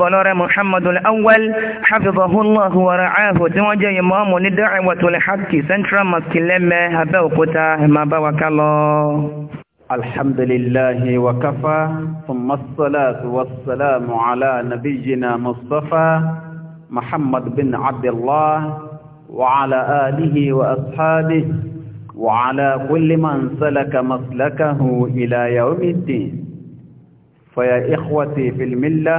بلاره محمد الأول حفظه الله ورعاه wọ́n إمام الدعوة ní سنترا مسكلمة central mosque lẹ́mẹ́ باوك الله الحمد لله وكفى ثم الصلاة والسلام على نبينا مصطفى محمد بن عبد الله وعلى آله وأصحابه وعلى كل من سلك مسلكه إلى يوم الدين فيا إخوتي في الملة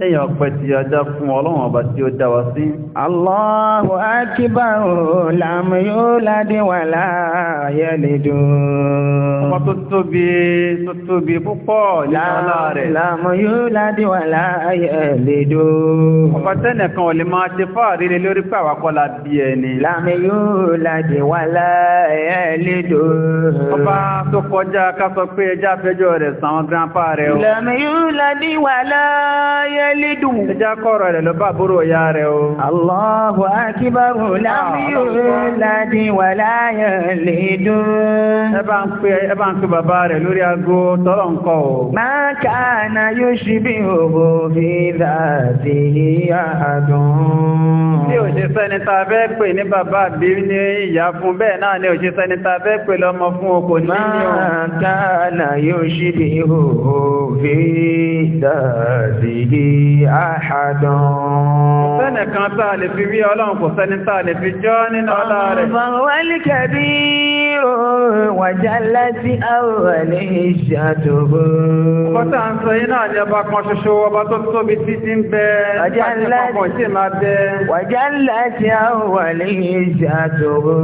lẹ́yìn ọpẹ́ ti ajá fún ọlọ́run ọba tí ó dá wa sí. Allahu akbar lam yulad wa la yalid. Ọmọ tó tóbi tó tóbi púpọ̀ lọ́lá rẹ̀. Lam yulad wa la yalid. Ọba tẹ́nìkan ò lè máa ṣe Lam yulad wa la yalid. Ọba tó kọjá ká sọ pé ẹjá fẹjọ́ rẹ̀ sàn grandpa rẹ̀ o. Lam yulad wa la yalid wálídù. ẹ jẹ́ kọ́rọ̀ rẹ̀ ló bá àbúrò ìyá rẹ̀ o. Allahu akbar lam ah. yulad wa la yulad. fún bẹ́ẹ̀ náà ni o ṣe sẹ́ni tá a fẹ́ fún o kò ní ní o. ma kana yushbihu fi dhatihi. أحد سنة كان طالب في بيه الله وسنة طالب في جون الله والكبير wàjálá tí a wà ní ìṣàtòbò. Ọkọ̀tà ń sọ iná àjẹba kan ṣoṣo ọba tó tóbi títí ń bẹ wàjálá tí ní ìṣàtòbò.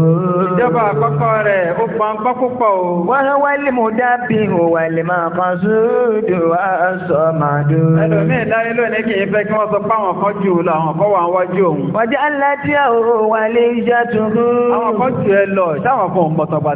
Ìjọba àkọ́kọ́ rẹ̀ ó pa ń pọ́ púpọ̀ o. Wọ́n wá lè mú dábì wà lè máa kan sódò wá sọ màá dùn. Ẹlòmíì láyé lónìí kì í fẹ́ kí wọ́n sọ pé àwọn kan jù lọ àwọn kan wà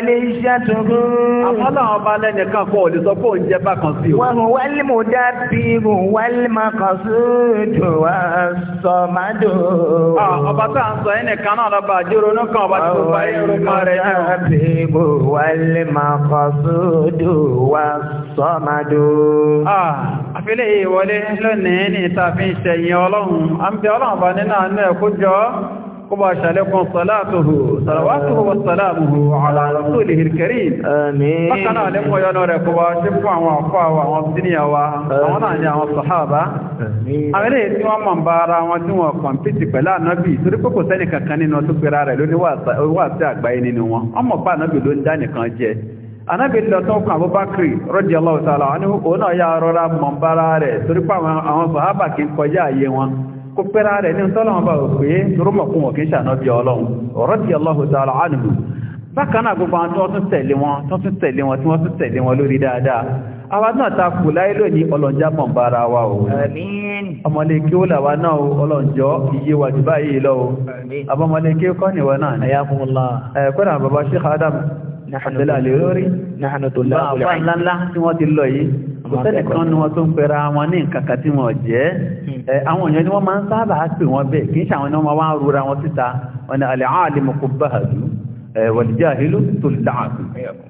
wẹ́lé iṣẹ́ tuntun. Àmọ́lá ọba lẹ́nìkan kọ́ òlè sọ pé òun jẹ bákan sí o. Wọ́n hùn wẹ́lì mú dábì hùn wẹ́lì máa kàn sí ìjọ wa sọ máa dò. Ọba tá à ń sọ ẹnìkan náà lọ́ba àjórònú kan ọba tí bá irun mọ́ rẹ̀ ní. Wọ́n dábì hùn wẹ́lì máa kàn sí ìjọ wa sọ máa dò. Àfilẹ̀ yìí lónìí ní ìta fi Ọlọ́run. À ń bẹ Ọlọ́run bá nínú àánú ẹ̀kú jọ. قبا شالكم صلاته صلواته وسلامه على رسوله الكريم آمين فقنا لكم يا نور قبا شفوا وعفوا وعبدنيا وعنا يا الصحابة آمين أغلي سوى من بارا وانتوا وقمتي بلا نبي سرقوا كساني ككاني نوتو برارة لوني واسع بيني نوا أما با نبي لون داني كان جي anábì lọ tó kàn abúbákìrì rọ́dí ọlọ́wọ́sára wọn ni ó náà yá rọra mọ̀ bára rẹ̀ torípa àwọn sọ̀hábà kí ń kọjá àyè wọn kò pẹ́ra rẹ̀ ní tọ́lọ́wọ́n bá pé rọ́mọ̀kún ọ̀kí ṣànábí ọlọ́run ọ̀rọ̀ tí Allahu ta'ala anhu bákan náà gbogbo àwọn tó tún tẹ̀lé wọn tó tún tẹ̀lé wọn tí wọ́n tún tẹ̀lé wọn lórí dáadáa àwa náà ta kù láyé lónìí ọlọ́njá mọ̀ bára wa o ọmọlé ó làwa náà o ọlọ́njọ́ iye wà jù báyìí lọ o àbọ̀mọlé kọ́ níwọ̀ náà ni ẹ̀kọ́nà bàbá Sheikh Adam àtẹ́lẹ̀ àlè lórí bá ńláńlá tí wọ́n ti lọ yìí kò sẹ́lẹ̀ kan ni wọ́n tó ń pẹ̀ra wọn ní kàkà tí wọ́n jẹ́ hmm. àwọn èèyàn ni wọ́n máa ń sábà pè wọ́n bẹ́ẹ̀ kì í ṣàwọn ni tó láàbù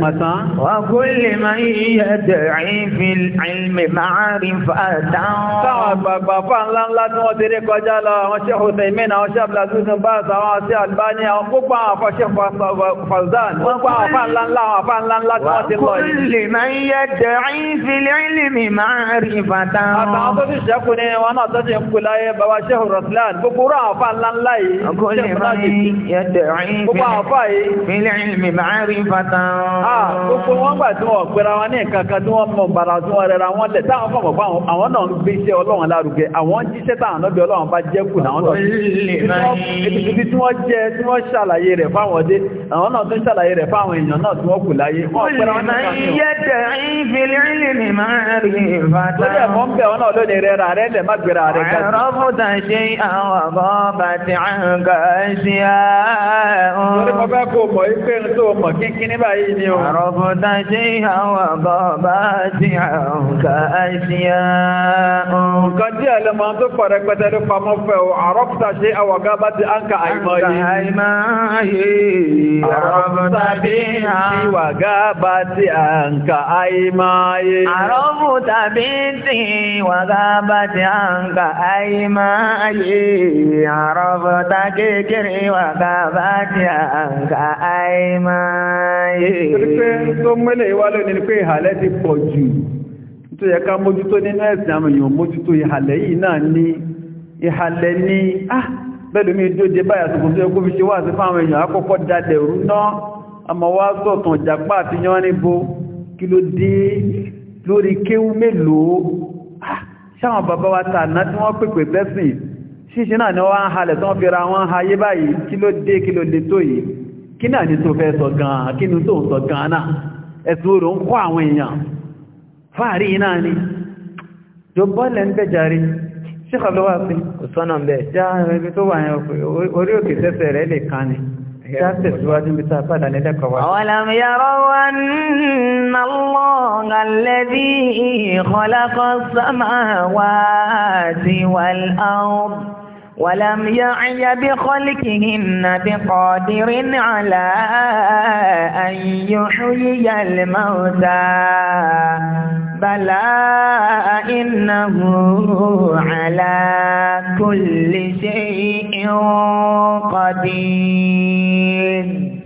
àìmọ̀tán. Wa kulli man yad'i fil ilmi ma'rifatan. Táwọn àgbààgbà fáà ńlá ńlá tí wọ́n ti rí kọjá lọ, àwọn ṣẹ́hù Tẹ̀mínà, àwọn ṣẹ́hù Blasúsùn Báàsì, àwọn àti Albani, àwọn púpọ̀ àwọn afọ́ṣẹ́ Fàzán, wọ́n pa àwọn fáà ńlá ńlá, àwọn afáà ńlá ńlá tí wọ́n ti lọ Wa kulli man yad'i fil ilmi ma'rifatan. Àtàwọn tó ti ṣẹ́kù ni wọn náà tó ti ń kú láyé, bàbá ṣẹ́hù Rọ̀sílán, gbogbo àwọn fáà ńlá ńlá yìí, ṣẹ́hù Blasúsùn, gbogbo Fil ilmi ma'rifatan. Ah, gbogbo wọn gbà tí wọ́n pẹ̀ra wọn ní ìkankan tí wọ́n mọ̀ bàrà tí wọ́n rẹra wọn lẹ̀ táwọn fọ́mọ̀ pa àwọn náà ń gbé iṣẹ́ ọlọ́run lárugẹ àwọn jíṣẹ́ táwọn lọ́bẹ̀ ọlọ́run bá jẹ́ kù náà lọ ibi tí wọ́n jẹ́ tí wọ́n ṣàlàyé rẹ̀ fáwọn dé àwọn náà tún ṣàlàyé rẹ̀ fáwọn èèyàn náà tí wọ́n kù láyé wọ́n pẹ̀ra wọn ní ìkankan تدعي في العلم معرفة عرفت شيئا وغابت عنك أشياء عرفت شيئا وغابت عنك أشياء nǹkan díẹ̀ lè máa tó fọ̀rẹ̀ pẹ̀tẹ́ ló pamọ́ fẹ́ àwọ̀gá bá ti áǹkà àìmọye àìmọye àrọ́pùtà ṣe ka àìmáyé. Àrọ́bù a ń ka àìmáyé. Àrọ́bù ta kékeré a ń ka àìmáyé. Pé tó mẹ́lẹ̀ ìwá ti pọ̀ jù. Tó yẹ ká mójútó nínú ẹ̀sìn àwọn èèyàn mójútó ìhàlẹ̀ yìí náà ní ìhàlẹ̀ ah bẹ́ẹ̀lú mi dóje báyà tó kùn tó fi ṣe sí kí ló dé lórí kéwú mélòó ah, ṣáwọn bàbá wa tà náà tí wọ́n pèpè bẹ́sìn ṣíṣe náà ni wọ́n ń halẹ̀ tí wọ́n fi ra wọ́n hayé báyìí kí ló dé kí ló lè tó yìí kí náà ni tó fẹ́ sọ gan kí ni tó ń sọ gan-an náà ẹ̀sùn orò ń kọ́ àwọn èèyàn fáàrí náà ni jọbọ́lẹ̀ ń bẹ̀járe ṣíkọ̀lọ́wà sí ọ̀sánà bẹ̀ já ẹgbẹ́ tó wà yẹn orí òkè tẹ́sẹ̀ rẹ̀ lè kan ni أولم يروا أن الله الذي خلق السماوات والأرض ولم يعي بخلقهن بقادر على أن يحيي الموتى بلى إنه على كل شيء قدير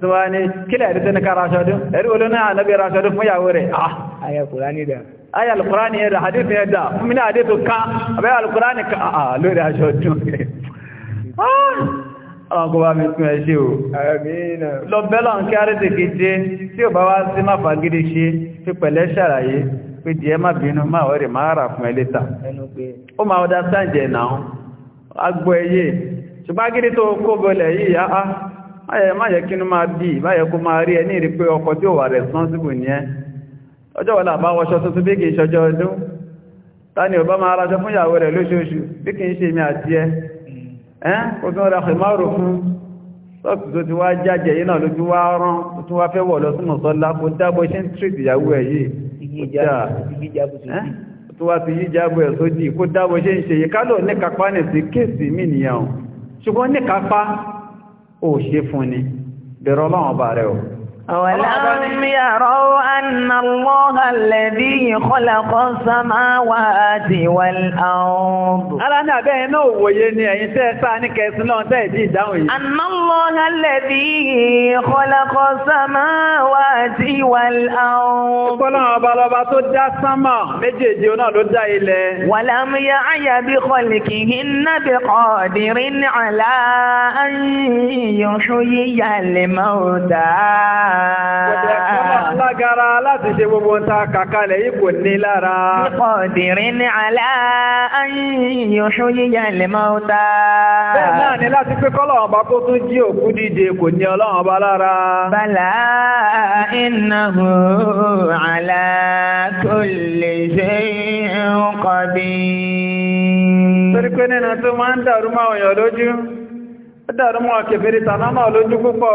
tó wá ní kílẹ̀ ẹ̀rí tẹ́ni kára aṣọ́dún ẹ̀rí olóná ànábì ra aṣọ́dún fún ìyàwó rẹ̀ ayà alkùránì dà ayà alkùránì ẹ̀dà àdífin ẹ̀dà fún mi ní àdífin ká àbẹ́ alkùránì ká lórí aṣọ́dún ọlọ́kọba mi tún ẹ ṣe o lọ bẹ́lọ̀ ń kí àrísìkí jẹ́ tí ò bá wá sí má fagídí ṣe fi pẹ̀lẹ́ ṣàlàyé pé jẹ́ má bínú má ọ̀rẹ́ má rà fún ẹlẹ́ta ó máa ọdá sáǹjẹ̀ náà agbó ẹyẹ ṣùgbágídí tó kó bọ́lẹ̀ yìí ma yẹ kí ní máa bí báyẹ kó máa rí ẹ ní ìrí pé ọkọ tí ó wà responsible ní ẹ ọjọ́ wọ́n làbá wọṣọ tuntun bí kì ṣọjọ́ ọdún ta ni ọba máa raṣọ fún ìyàwó rẹ̀ mi àti ẹ fún ti wá yìí náà ló wá rán tó wá fẹ́ wọ̀ lọ kó ṣe ń ìyàwó ẹ̀ yìí tó wá ti ẹ̀ sódì kó ṣe ń ó ṣe fún ni bẹ̀rọ ọlọ́run ọba rẹ̀ o أولم يروا أن الله الذي خلق السماوات والأرض ألا نبيه نو يني إنسان كسلون تجي داوي أن الله الذي خلق السماوات والأرض كلنا بلبا تجا سما مجيجي ونالو جايلة ولم يعي بخلقهن بقادر على أن يحيي الموتى Lágara láti ṣe gbogbo ta kàkalẹ̀ yìí kò ní lára. Ìkọ̀dìrín ní àlá ayíyànṣó yíya lè máa ó dá. Bẹ́ẹ̀ náà ni láti pé kọ́lọ̀wọ̀n bá kó tún jí òkú dìde kò ní ọlọ́wọ̀n bá lára. Bàlá innahu àlá kulli shay'in qadir. Torí pé nínú tó máa ń dàrú máa òyàn lójú, ó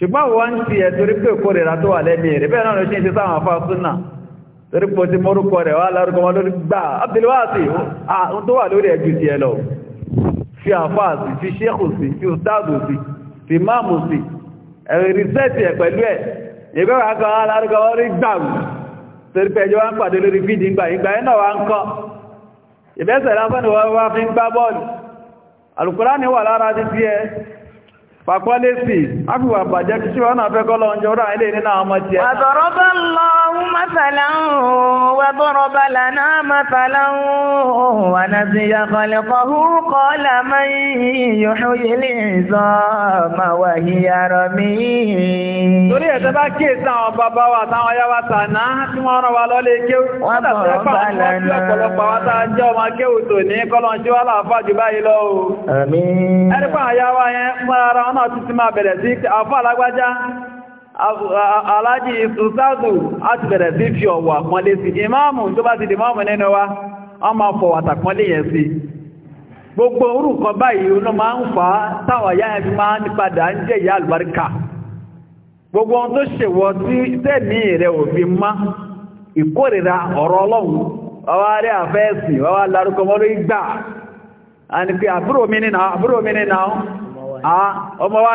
ṣùgbọ́n wọ́n ń ti ẹ̀ torí pé kó rẹ̀ tó wà lẹ́mí rẹ̀ bẹ́ẹ̀ náà ló ṣe ń ṣe sáwọn afá súnà torí pé ti mọ́rúkọ rẹ̀ wá lárúkọ wọn lórí gbà Abdulwasi ohun tó wà lórí ẹ̀jù ti ẹ lọ fi àfá sí fi ṣéèkù sí fi ustaadu sí fi máàmù sí rìsẹ́ẹ̀tì ẹ̀ pẹ̀lú ẹ̀ ìgbẹ́ wà kan wá lárúkọ wọn rí gbàù torí pé wá ń pàdé lórí fídì ńgbà ìgbà ni wọ́n wá fi pàpọ́lẹ́sì, a fi wà bàjẹ́ kí ṣíwọ́n náà fẹ́ kọ́lọ́ oúnjẹ ọ̀rọ̀ ilé nínú àwọn ọmọ ẹ̀. الله مثلا وضرب لنا مثلا ونسي خلقه قال من يحيي العظام وهي رميم torí ẹ̀tẹ́ bá kíè sáwọn bàbá wa táwọn yá wa tàná tí wọ́n rán wa lọ́lé kéwù wọ́n tàbí ọ̀pọ̀lọpọ̀ wa tá jẹ́ ọmọ kéwù tò ní kọ́lọ̀njú aláàfáàjú báyìí lọ o ẹ̀rí pàwọn yá wa yẹn fún ara wọn náà títí máa bẹ̀rẹ̀ sí àfọ́ alágbájá aláàjì ìsúsáàdù àti bẹ̀rẹ̀ sí fi ọ̀wọ̀ àpọ́nlé sí ìmáàmù tó bá ti di máàmù nínú wa wọ́n máa yẹn sí gbogbo orúkọ báyìí ló máa ń fà á táwà yá ẹbí máa ń padà ń jẹ́ ìyá àlùbáríkà gbogbo ohun tó ṣèwọ́ sí tẹ́ẹ̀mí rẹ̀ òfin má ìkórìíra ọ̀rọ̀ ọlọ́run wáwá rí àfẹ́ẹ̀sì wáwá larúkọ mọ́lú ìgbà àni pé àbúrò mi nínú Ah, ọmọ wa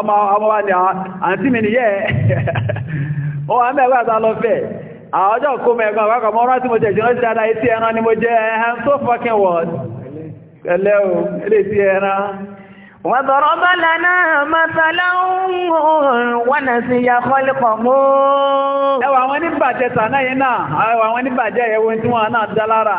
ọmọ ah, mi ah, ọjọ́ kó rántí mo jẹ́ jẹ́ etí ẹran ni mo jẹ́ ẹ̀hẹ́n so fucking word ẹlẹ́ o ilé etí ẹran وضرب لنا مثلا ونسي خلقه ẹwà àwọn náà àwọn ẹ̀wọ̀n tí wọ́n náà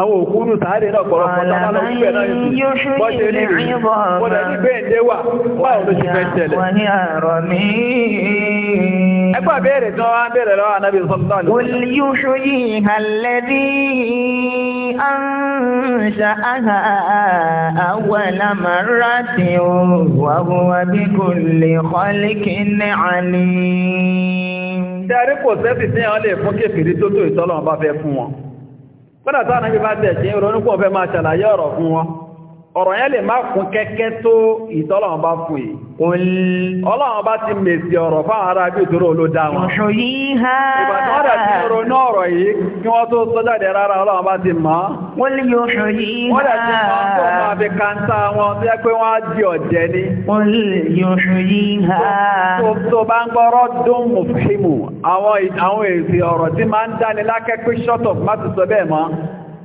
àwọn òkúrù sáré náà pọ̀rọ̀pọ̀ tánà ìpẹ̀ náà ìsìn bọ́ ṣe rí rí wọ́n ní bẹ́ẹ̀dẹ́ wà báwọn ló ṣe fẹ́ tẹ̀lẹ̀ ẹgbà bẹ́ẹ̀rẹ̀ tí wọ́n bẹ̀rẹ̀ lọ́wọ́ anábì sọ́lọ́lọ́ Dárí kò sẹ́sì tí wọ́n lè fún kéfèrí kódà táwọn ẹbí bá tẹ̀ ṣe ronúpọ̀ fẹ́ máa ṣàlàyé ọ̀rọ̀ fún wọn ọ̀rọ̀ yẹn lè má kún kẹ́kẹ́ tó ìtọ́lọ̀wọ̀n bá fún yìí ọlọ́wọ̀n bá ti mèsì ọ̀rọ̀ fáwọn ará bí ìtòrò ló dá wọn ìbàtán rẹ̀ tí ó ronú ọ̀rọ̀ yìí kí wọ́n tó sọ́jáde rárá ọlọ́wọ̀n bá ti mọ́ wọ́n lè yóò ṣòyí wọ́n lè ti mọ́ tó máa fi káńtà wọn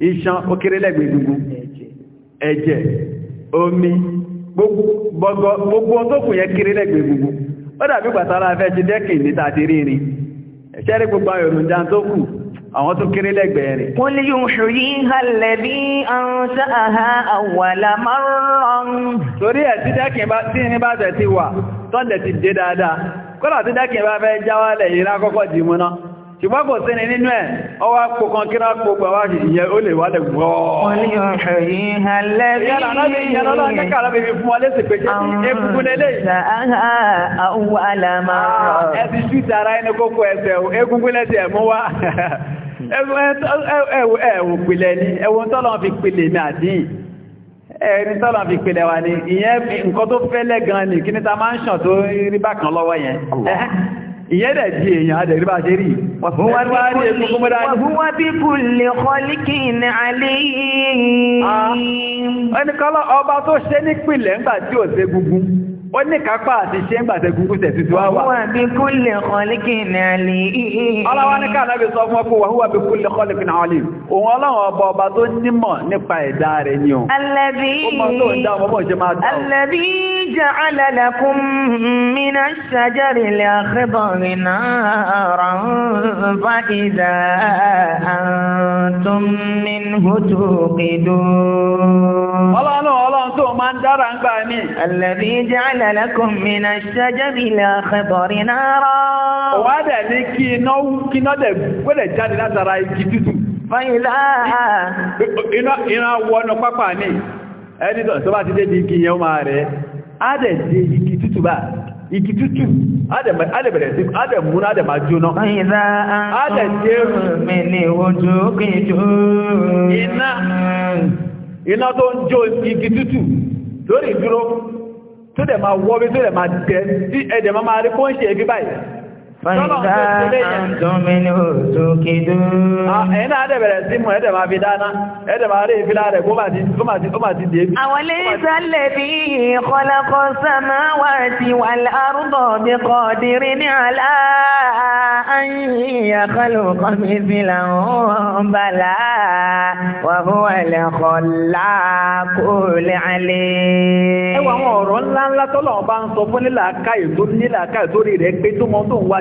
iṣan ó kéré lẹ́gbẹ̀ẹ́ ẹ̀jẹ̀ omi gbogbo tó kù yẹn kéré lẹ́gbẹ̀ẹ́ egungun ó dàbí pàtàrà fẹ́ ti dẹ́kìn ní tàbí rírin ẹ̀ṣẹ́ rí gbogbo ayọ̀rùnjá tó kù àwọn tó kéré lẹ́gbẹ̀ẹ́ rẹ̀. Kọ́lá tí dẹ́kìn bá fẹ́ jáwálẹ̀ yìí lákọ́kọ́ náà ṣùgbọ́n kò sí ni nínú ẹ̀ ọwá kò kan kíra kò gbà wá ṣì yẹ ó lè wà lè gbọ́ ẹ̀wọ̀n pìlẹ̀ ni ah, ẹ̀wọ̀n tọ́lọ̀ fi pìlẹ̀ ní àdín ẹni tọ́lọ̀ fi pèlẹ̀ wà ní ìyẹn nǹkan tó fẹ́lẹ̀ gan ni kí ní ta máa ń ṣàn tó rí bákan lọ́wọ́ yẹn ìyẹn dẹ̀ di èèyàn adẹ̀rí bá ṣe rí wọ́n wá ní èkó kó mọ́dá ní wọ́n wá bí kú lè kọ́líkì ní alẹ́ yìí ẹnikọ́lọ́ ọba tó ṣe nípìnlẹ̀ ó ní kápá àti ṣe ń gbàtẹ̀ gúgú tẹ̀ títí wá wà. wà bí kulli khaliqin alim. ọlọ́wà ní ká náà bí sọ fún ọkùnwà wà bí kulli khaliqin alim. òun ọlọ́run ọba ọba tó nímọ̀ nípa ẹ̀dá rẹ̀ ni o. alladhi alladhi ja'ala lakum tó máa ń dára ń gbà mí. alladhi ja'ala لكم من الشجر الأخضر نارا وهذا لكي نو كي نو ده ولا جاد لا ترى يجتو فإلا إنا إنا وانا بابا ني ẹni tó bá ti dé di igi yẹn ó máa rẹ̀ á dẹ̀ dé igi tútù bá igi tútù á dẹ̀ bẹ̀rẹ̀ sí á dẹ̀ múná á dẹ̀ máa jóná á dẹ̀ dé mẹ́lẹ̀ ojú kìjú iná iná tó ń jó igi tútù lórí ìdúró tó dẹ̀ máa wọ́ bí tó dẹ̀ máa dẹ̀ tí ẹ̀dẹ̀ máa rí kó ẹbí báyìí Fọ́nìdá àtúnmínú òtúkìdú. Ah, Ẹ̀yìn náà dẹ̀bẹ̀rẹ̀ sí mú ẹ̀dẹ̀ máa fi dáná, ẹ̀dẹ̀ kó máa ti dé. Àwọn lè sálẹ̀ bí ìkọlẹ́kọ́ sẹ́mọ́ wà ti wà lárúbọ̀ bí kọ́ dìrí ní àlá àyíyà kọlùkọ́ mi fi làwọn bàlá wà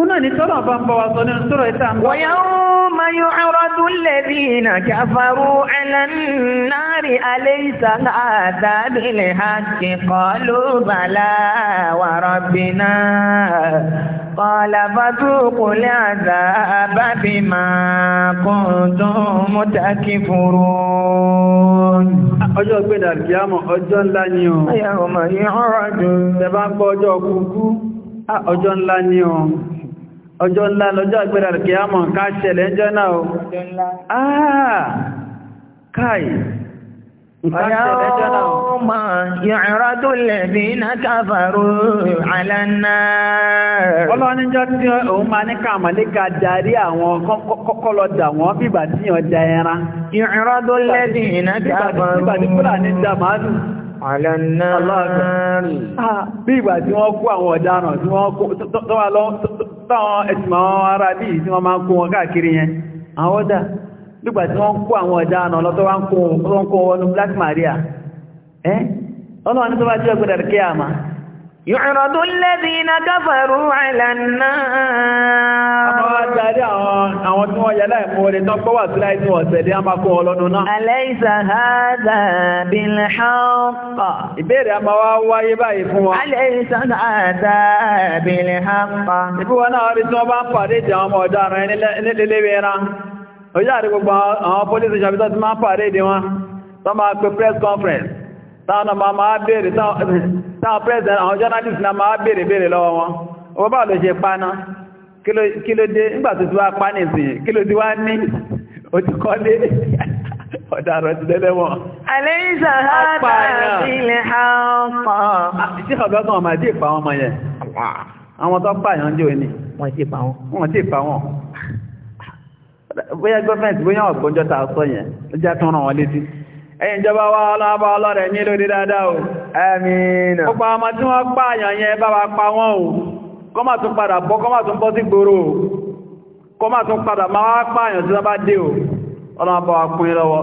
Una ni tọ́rọ bá ń bọ́ wa sọ ní tọ́rọ ìta ń bọ́. Wọ́n yóò máa yóò lẹ́bí ìnà kàfàrú ẹlẹ́nàárí aléìsà àdábìlẹ̀ hàkì kọlu bàlá wà rọ̀bìnà. Kọlá lé àzà bábí máa kún tó mú takí fúrú. Ọjọ́ gbẹ̀dà kìámọ̀ ọjọ́ ńlá ni o. Ayàwó máa yóò ọrọ̀dún. Ṣẹ bá ń gbọ́ ọjọ́ kúkú, ọjọ́ ńlá ni o ọjọ́ ńlá lọ́jọ́ àgbẹ̀rẹ̀ àrùkẹ́ àmọ̀ ká ṣẹlẹ̀ ẹjọ́ náà o àà ah, káì يوم يعرض الذين كفروا على النار Ọlọ́run níjọ́ tí òun máa ní káàmà lé ka darí àwọn kọ́kọ́lọ́ dà wọ́n bíbà tí yàn da ẹran. يعرض الذين كفروا bíbà Bí ìgbà tí wọ́n kó àwọn ọ̀daràn tí wọ́n kó táwọn ẹ̀tìmọ̀ àwọn ará bí i tí wọ́n máa ń kó wọn káàkiri yẹn àwọn ọ̀dà nígbà tí wọ́n kó àwọn ọ̀dà ànà lọ́tọ́ wá ń kó wọn Maria ẹ́ ọlọ́wọ́n ní tó bá jẹ́ ọgbẹ̀dẹ̀ يعرض الذين كفروا على النار Àbáwájáde àwọn tí wọ́n yẹ láìmúore tán kọ́ wà sí láì tí wọ́n tẹ̀lé a máa kó ọlọ́nu náà. Alaysa gbogbo àwọn pólísì ṣàbítọ́ ti máa ń pàdé ìdí wọn. Tọ́ máa pe press conference. Táwọn náà máa máa táwọn president àwọn journalist na máa bèèrè bèèrè lọ́wọ́ wọn ọwọ́ bá lọ ṣe paná kí ló dé nígbà tó ti wá paná ìsìn kí ló ti wá ní òtíkọ́lé ọ̀daràn ti lẹ́lẹ́wọ̀n. wọn ah, mọ yẹn ti pa wọn. wọ́n ẹ̀yin jọba wa ọlọ́ọ̀bá ọlọ́rẹ̀ ní lórí dáadáa o àmín ọpa ọmọ tí wọ́n pa àyàn yẹn bá wa pa wọ́n o kọ́mà tún padà bọ́ kọ́mà tún bọ́ sí gbòrò kọ́mà tún padà máa wá pa àyàn tí wọ́n bá dé o ọlọ́ọ̀bá wa kún lọ́wọ́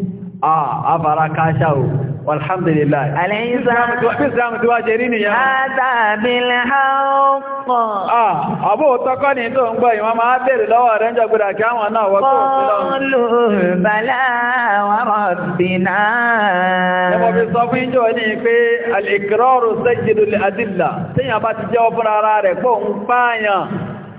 Ah, afara káṣà o. Alhamdulillah. Alẹ́yìnsáàmù tí wá jẹ rí nìyàn. Àtàbílẹ̀ àọ́pọ̀. Ah, àbú tọ́kọ́ ní tó ń gbọ́ ìwọ́n máa bèèrè lọ́wọ́ rẹ̀ ń jọgbìdà kí àwọn náà wọ́pọ̀ òfin lọ́wọ́. Kọ́lù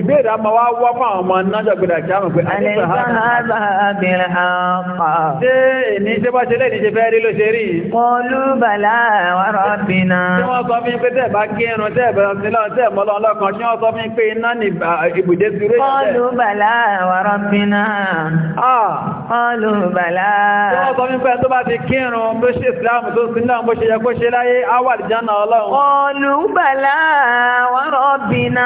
ìbéèrè àmà wá wá fún àwọn ọmọ náà gbẹ̀dà kí a mọ̀ pé a ní sàhábà bèèrè àpá. ṣé ní ṣe bá ṣe lẹ́ni ṣe fẹ́ rí ló ṣe rí? kọlu bàlá wàrọ̀ bìnà. tí wọ́n sọ fún pé tẹ́ẹ̀bá kírun tẹ́ẹ̀bẹ̀rẹ̀ sílọ̀ tẹ́ẹ̀mọ́lọ́ ọlọ́kan tí wọ́n sọ bìnà.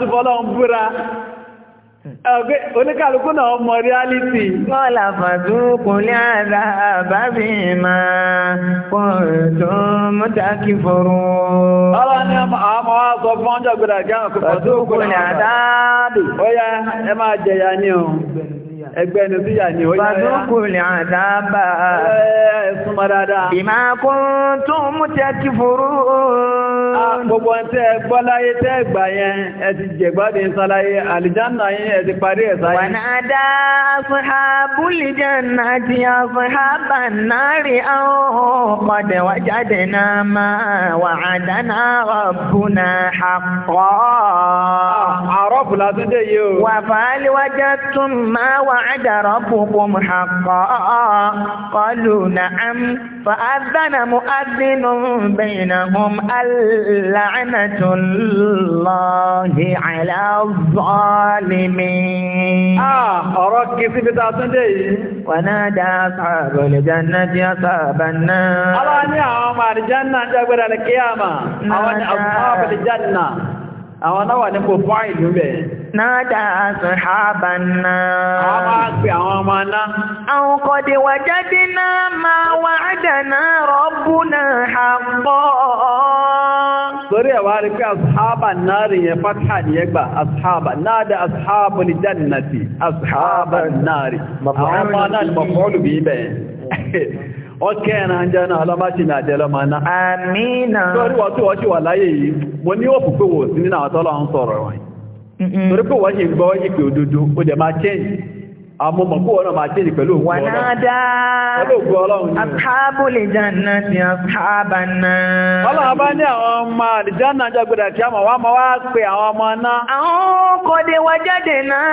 náà tún fọ́lọ́ ń búra oníkàlùkù náà mọ reality. kọ́lá fàdúkù ní àdá bábí máa kò ní ọmọ àwọn wa sọ fún ọjọ́ ẹgbẹ́ ni tí yà ní ó yá yá. Fàdúkù lè àdábà. Ẹ̀sùn mọ́ dáadáa. Bima kuntum takfurun. Gbogbo ń tẹ́ gbọ́ láyé tẹ́ gbà yẹn, ẹ ti jẹ̀gbádìí ń sáláyé, àlìjánà yín ẹ ti parí ẹ̀ sáyé. Wà náà dá ashabul jannati ashaban nari aw qad wajadna ma wa'adana rabbuna haqqan. Àrọ́bù látúndé yìí o. Wa fal wajadtum ma wà وعد ربكم حقا قالوا نعم فأذن مؤذن بينهم اللعنة الله على الظالمين آه أراك في بتاعتنا دي ونادى أصحاب الجنة أصحاب النار الله يا عمر الجنة جابر القيامة أو أصحاب الجنة أو أنا وأنا فاعل أنا nádà àṣàhábà náà. Àwọn máa pè àwọn ọmọ náà. Àwọn kọ̀dé wà jáde náà máa wà àdànà rọ́bù náà àpọ̀. Sórí ẹ̀wà rí pé àṣàhábà náà rí yẹn fátà ní ẹgbà àṣàhábà náà dá àṣàhábà ní jannati àṣàhábà náà rí. Àwọn ọmọ náà ni mọ̀fọ́lù bí bẹ́ẹ̀. Ọkẹ́ ẹ̀nà ń jẹ́ náà ọlọ́bá ṣe náà. Àmì náà. Sọ́rí wọ́n tí wọ́n ṣe wà láyé yìí, mo ní òpùpẹ́ wò sí nínú àwọn tọ́lọ́ ń sọ̀rọ̀ wọ̀nyí torí pé wọ́n ṣe gbọ́ ìpè òdodo ó dẹ̀ máa change àmọ́mọ̀kú ọ̀nà máa jẹ́ pẹ̀lú ògùn ọlọ́run. wà náà dáa àkábùlì jànà ti àkábà náà. ọlọ́run bá ní àwọn ọmọ àdìjánà jọgbẹ̀dà kí a mọ̀ wá mọ́ wá pé àwọn ọmọ náà. àwọn kòdè wà jáde náà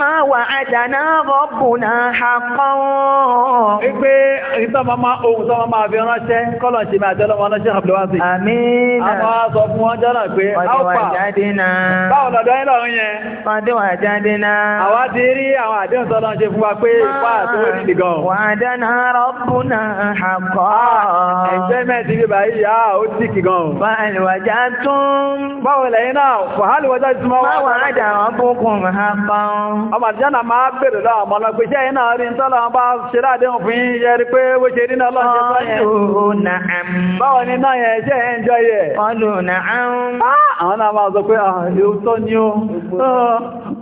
máa wà àjà náà rọ́bù náà àpọ̀. wípé ìtọ́mọ́mọ́ ohun tọ́mọ́ jẹ́ lọ́mọ ránṣẹ́ àbúlọ́wọ́sì. àmín. àwọn aṣọ fún tọ́lá ń ṣe fún wa pé wà tó rí nìgan. wà á dáná rọ́bù náà àkọ́. enjoyment ní báyìí yá ah, ó ti kì gan. fàálì wàjá tún. báwo lẹ́yìn náà fàálì wàjá tún máa wà. báwo á dà wọ́n bùkún àkọ́. ọmọ àti jẹ́nà máa bèrè lọ àmọ́ lọ pé sẹ́yìn náà rí tọ́lá bá ṣe láàdéhùn fún yẹ rí pé bó ṣe rí náà lọ́sẹ̀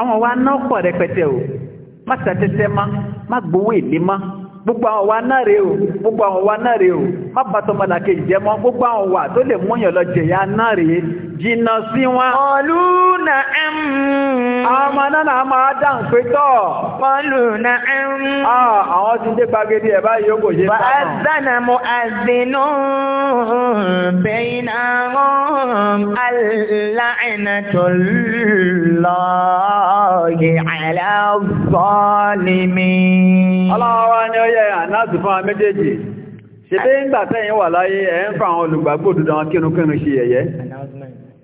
àwọn wa náà pọ̀ rẹpẹtẹ o má sàtẹ́tẹ́ má má gbowó èlé má gbogbo àwọn wa náà rèé o gbogbo àwọn wa náà rèé o má bàtọmọdà kejì jẹ mọ́ gbogbo àwọn wa tó lè múyàn lọ jẹyà náà rèé jìnnà sí wọn. ọ̀lú na ẹ̀mú. Àmà náà máa dáhùn pé tọ́. Kọlù náà ń. Àwọn ti dé gbàgede ẹ̀ báyìí ó kò ṣe sáà. Wàá dànà mo àzínú bẹ́yìn àwọn aláìnàtọ̀lọ́yì aláàbọ̀lìmí. Ọlọ́wọ́ ni ó yẹ àná sí fún àméjèèjì. Ṣèbí ń gbà tẹ́yìn wà láyé ẹ̀ ń fa àwọn olùgbàgbò dúdú àwọn ṣe yẹ̀yẹ́.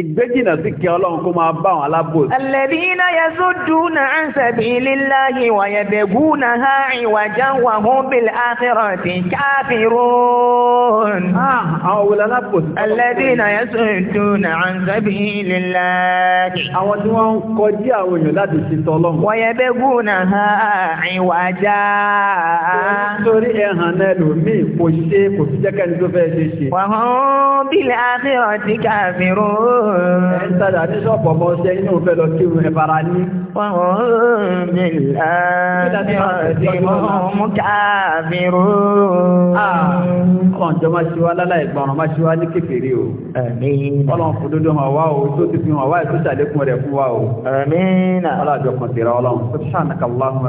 ìgbéjìnà sí kí ọlọ́run kó máa bá wọn alábò. Alladhina yasudduna an sabilillahi wa yabghunaha iwajan wa hum bil akhirati kafirun. Àwọn òwúlẹ̀ alábò. Alladhina yasudduna an sabilillahi. Àwọn tí wọ́n ń kọjí àwọn èèyàn láti ṣe tọ́lọ́. Wa yabghunaha iwaja. Torí ẹ̀hàn náà lòmí kò ṣe kò fi jẹ́kẹ́ni tó fẹ́ ṣe ṣe. Wa hum bil akhirati kafirun ẹ̀ńtàdà ní ah, ṣe inú fẹ́ lọ máa ṣíwá láláì ní kékeré o. Ọlọ́n fún dúdú ma wá o tó ti fi hàn wá ìtúṣàlékún rẹ̀ fún wa o. Ọlọ́jọ́ kan tèrà ọlọ́run. Subhanaka Allahumma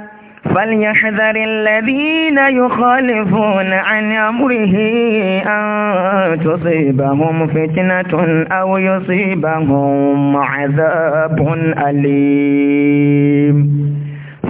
فليحذر الذين يخالفون عن أمره أن تصيبهم فتنة أو يصيبهم عذاب أليم